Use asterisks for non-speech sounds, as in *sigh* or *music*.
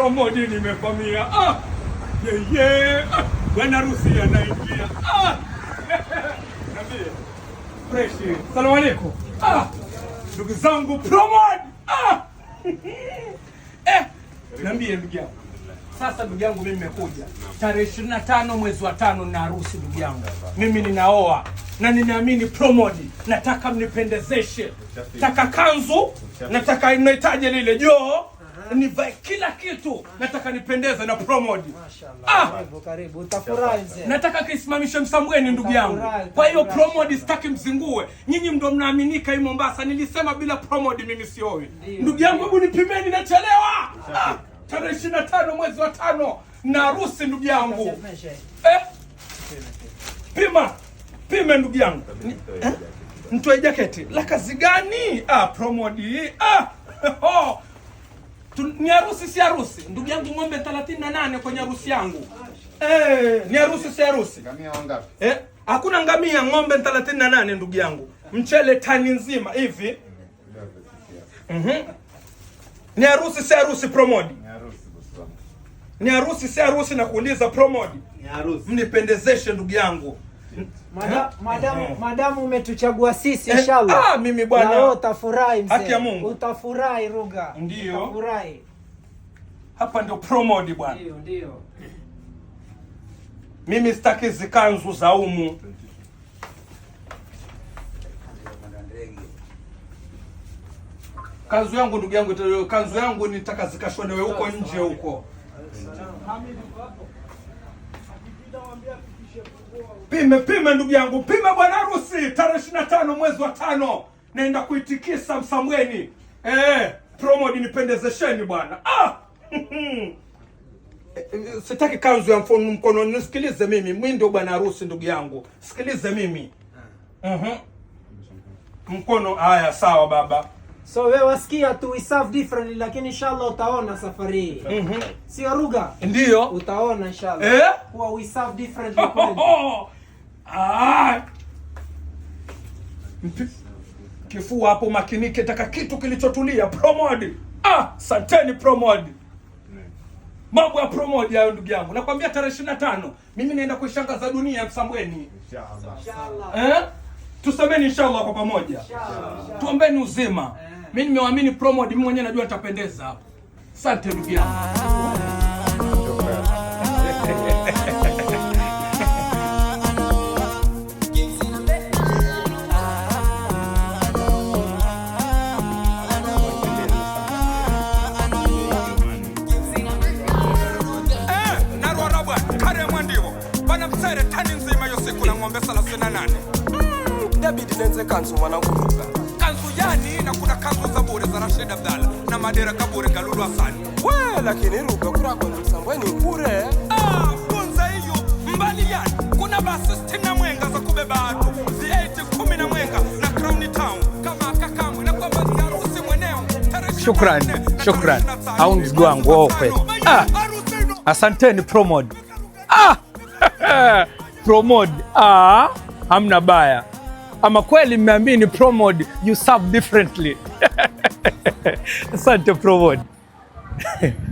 Promodi nimevamia. Ah, yeye yeah, yeah. bwana harusi anaingia. Ah, *laughs* fresh. Salamu alaykum. Ah, ndugu zangu promote. Ah, *laughs* eh, nambie ndugu yangu. Sasa ndugu yangu, mimi nimekuja tarehe 25 mwezi wa tano na harusi ndugu yangu, mimi ninaoa na ninaamini promote. nataka mnipendezeshe, nataka kanzu, nataka inaitaje lile joo nivae kila kitu, nataka nipendeze na promote. Ah, karibu utafurahi mzee. Nataka kisimamishe msambweni ndugu yangu. Kwa hiyo promote sitaki mzingue, nyinyi ndio mnaaminika hii Mombasa. Nilisema bila promote mimi siowi. Ndugu yangu, hebu nipimeni, nachelewa ah! tarehe ishirini na tano mwezi wa tano na harusi ndugu yangu eh? Pima pime ndugu yangu eh? Mtoe jaketi la kazi gani? Ah, promote ah. *laughs* ni harusi si harusi, ndugu yangu, ng'ombe 38 kwenye harusi yangu. Eh, ni harusi si harusi. Eh, hakuna ngamia, ng'ombe 38 ndugu yangu. Mchele tani nzima hivi. Mhm. Ni harusi si harusi promodi. Ni harusi. Ni harusi si harusi na kuuliza promodi. Ni harusi. Mnipendezeshe ndugu yangu. Eh? Eh. Madamu umetuchagua sisi inshallah. Eh? Ah, mimi bwana utafurahi mzee. Haki ya Mungu. Utafurahi Ruga. Ndio. Utafurahi. Hapa ndio di bwana. Ndio, ndio. Mimi sitaki zikanzu za umu. Kanzu yangu ndugu yangu, kanzu yangu nitaka zikashonewe huko nje huko. Pime pime, ndugu yangu, pime bwana harusi. Tarehe ishirini na tano mwezi wa tano naenda kuitikisa Msamweni. Eh, promo nipendezesheni bwana. Ah! *laughs* Eh, eh, sitaki kanzu ya mfumo mkono, nisikilize mimi. Mimi ndio bwana harusi, ndugu yangu, sikilize mimi. Ah. Mhm, Mkono haya, sawa baba. So we wasikia tu we differently lakini inshallah utaona safari hii. Mm -hmm. Sio ruga? Ndio. Utaona inshallah. Eh? Kwa we serve differently *laughs* oh, oh, oh. Ah. Kifua hapo makinike, taka kitu kilichotulia promodi. Ah, santeni promodi. Mambo ya promodi hayo ndugu yangu. Nakwambia tarehe 25 mimi naenda kuishangaza dunia Msambweni. Inshallah. Inshallah. Eh? Tusemeni inshallah kwa pamoja. Inshallah. Tuombeni uzima. Eh. Mimi nimewaamini promo, mimi mwenyewe najua nitapendeza hapo. Asante ndugu yangu. Eh, Narwara bwana, kare mwandivo bana msere tani nzima yose kuna ng'ombe 38 inabidi nenze kanzu mwanakuruka kanzu yani na kuna kanzu za bure za Rashid Abdalla na madera kabure galulu Hassan we lakini ruka kura kwa sambweni kure ah funza hiyo mbali yani kuna basi 60 na mwenga za kubeba watu zi 8 10 na mwenga na Crown Town kama akakamwe na kwamba ni harusi mweneo shukran shukran au mzigo wangu okwe ah asanteni promod ah *laughs* promod ah hamna baya ama kweli ni ProMod you serve differently. *laughs* Asante ProMod. *laughs*